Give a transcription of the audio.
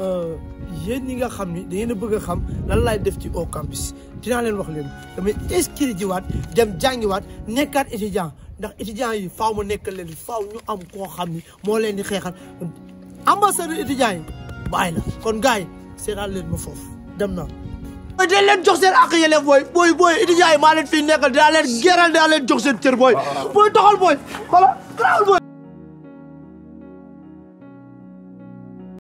Euh, yéen ñi nga xam ni da ngeen a bëgg a xam lan laay o ci au campus dinaa leen wax leen damay inscrire jiwaat dem jàngiwaat nekkaat étudiant ndax étudiant yi faw ma nekkal leen faaw ñu am koo xam ni moo leen di xeexal ambassadeur étudiant yi bàyyi la kon gars yi seetaan leen ma foofu dem naa. mooy dañ jox seen ak yële booy booy booy étudiant yi maa leen fi nekkal dinaa leen geral dinaa leen jox seen cër booy booy doxal booy wala gaawul booy.